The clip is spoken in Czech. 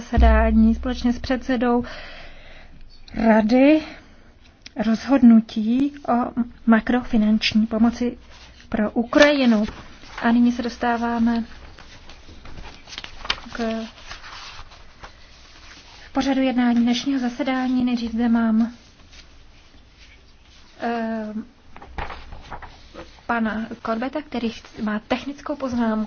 zasedání společně s předsedou Rady rozhodnutí o makrofinanční pomoci pro Ukrajinu. A nyní se dostáváme k pořadu jednání dnešního zasedání. Nejdřív zde mám eh, pana Korbeta, který má technickou poznámku.